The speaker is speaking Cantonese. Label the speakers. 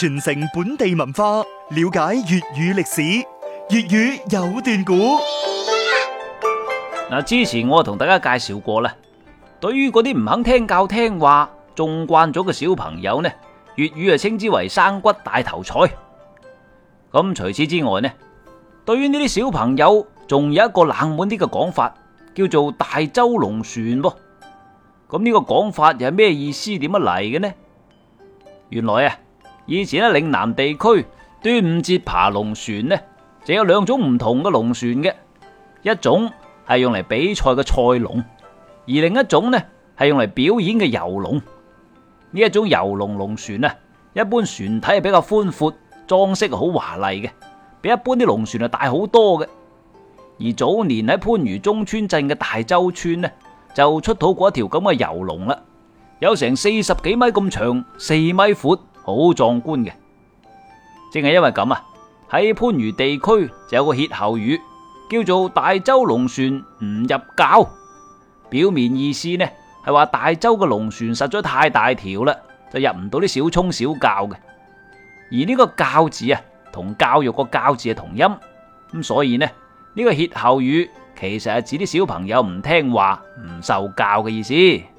Speaker 1: 傳承本地文化，了解粵語歷史，粵語有段古。嗱，之前我同大家介紹過啦。對於嗰啲唔肯聽教聽話、縱慣咗嘅小朋友呢，粵語啊稱之為生骨大頭菜。咁除此之外呢，對於呢啲小朋友，仲有一個冷門啲嘅講法，叫做大洲龍船噃。咁呢個講法又係咩意思？點樣嚟嘅呢？原來啊。以前咧，嶺南地區端午節爬龍船呢，就有兩種唔同嘅龍船嘅。一種係用嚟比賽嘅賽龍，而另一種呢，係用嚟表演嘅遊龍。呢一種遊龍龍船啊，一般船體係比較寬闊，裝飾好華麗嘅，比一般啲龍船啊大好多嘅。而早年喺番禺鐘村鎮嘅大洲村呢，就出土過一條咁嘅遊龍啦，有成四十幾米咁長，四米闊。好壯觀嘅，正係因為咁啊，喺番禺地區就有個歇後語叫做“大洲龍船唔入滘”，表面意思呢係話大洲嘅龍船實在太大條啦，就入唔到啲小涌小滘嘅。而呢個“滘”字啊，同教育個“教”字係同音，咁所以呢，呢個歇後語其實係指啲小朋友唔聽話、唔受教嘅意思。